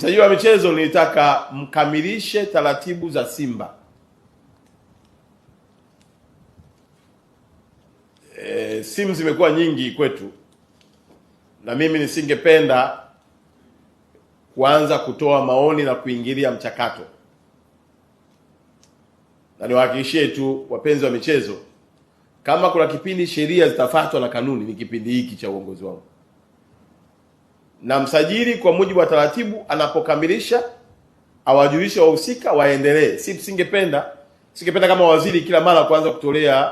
Msajili wa michezo, nilitaka mkamilishe taratibu za Simba. E, simu zimekuwa nyingi kwetu na mimi nisingependa kuanza kutoa maoni na kuingilia mchakato, na niwahakikishie tu wapenzi wa michezo, kama kuna kipindi sheria zitafuatwa na kanuni, ni kipindi hiki cha uongozi wangu na msajili kwa mujibu wa taratibu anapokamilisha awajulishe wahusika waendelee. Si singependa singependa kama waziri kila mara kuanza kutolea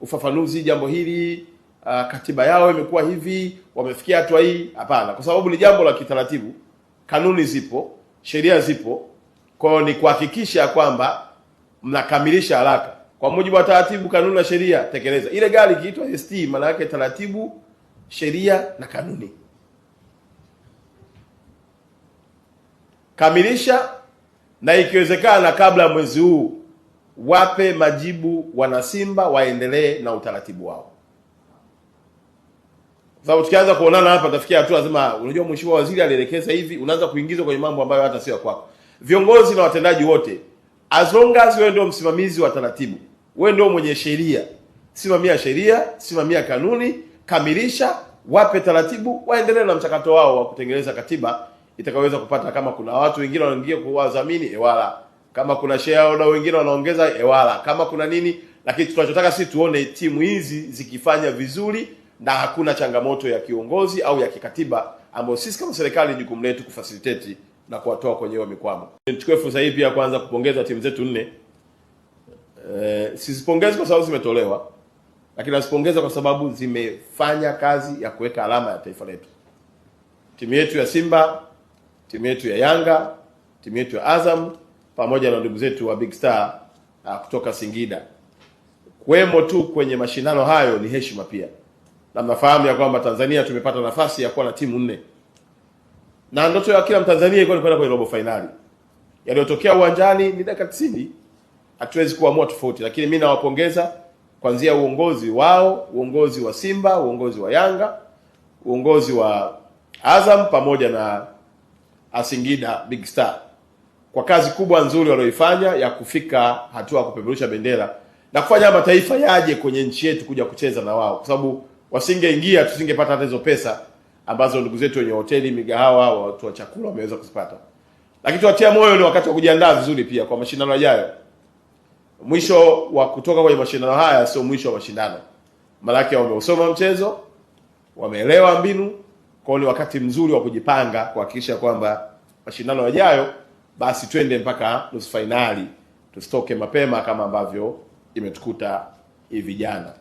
ufafanuzi jambo hili, uh, katiba yao imekuwa hivi, wamefikia hatua hii. Hapana, kwa sababu ni jambo la kitaratibu, kanuni zipo, sheria zipo, kwao ni kuhakikisha kwamba mnakamilisha haraka kwa mujibu wa taratibu, kanuni na sheria. Tekeleza ile gari ikiitwa ST, maana yake taratibu, sheria na kanuni. kamilisha, na ikiwezekana kabla ya mwezi huu wape majibu wanasimba, waendelee na utaratibu wao, sababu tukianza kuonana hapa tafikia hatua lazima, unajua mheshimiwa waziri alielekeza hivi, unaanza kuingizwa kwenye mambo ambayo hata sio kwako. Viongozi na watendaji wote, as long as wewe ndio msimamizi wa taratibu, wewe ndio mwenye sheria, simamia sheria, simamia kanuni, kamilisha, wape taratibu, waendelee na mchakato wao wa kutengeneza katiba itakayoweza kupata. Kama kuna watu wengine wanaingia kuwadhamini, ewala. Kama kuna shareholder wengine wanaongeza, ewala. Kama kuna nini, lakini tunachotaka si tuone timu hizi zikifanya vizuri na hakuna changamoto ya kiongozi au ya kikatiba ambayo sisi kama serikali jukumu letu kufacilitate na kuwatoa kwenye hiyo mikwamo. Nichukue fursa hii pia kwanza kupongeza timu zetu nne. E, sizipongezi kwa sababu zimetolewa, lakini nazipongeza kwa sababu zimefanya kazi ya kuweka alama ya taifa letu. Timu yetu ya Simba timu yetu ya Yanga, timu yetu ya Azam pamoja na ndugu zetu wa Big Star uh, kutoka Singida. Kuwemo tu kwenye mashindano hayo ni heshima pia, na mnafahamu ya kwamba Tanzania tumepata nafasi ya kuwa na timu nne na ndoto ya kila Mtanzania ilikuwa ni kwenda kwenye robo fainali. Yaliyotokea uwanjani ni dakika tisini, hatuwezi kuamua tofauti, lakini mimi nawapongeza kuanzia uongozi wao, uongozi wa Simba, uongozi wa Yanga, uongozi wa Azam pamoja na Asingida Big Star kwa kazi kubwa nzuri walioifanya ya kufika hatua ya kupeperusha bendera na kufanya mataifa yaje kwenye nchi yetu kuja kucheza na wao, kwa sababu wasingeingia tusingepata hata hizo pesa ambazo ndugu zetu wenye hoteli, migahawa, watu wa chakula wameweza kuzipata. Lakini tuwatia moyo, ni wakati wa kujiandaa vizuri pia kwa mashindano yajayo. Mwisho wa kutoka kwenye mashindano haya sio mwisho wa mashindano, maanake wameusoma mchezo, wameelewa mbinu kwa ni wakati mzuri wa kujipanga kuhakikisha kwamba mashindano yajayo basi twende mpaka nusu fainali, tusitoke mapema kama ambavyo imetukuta hivi jana.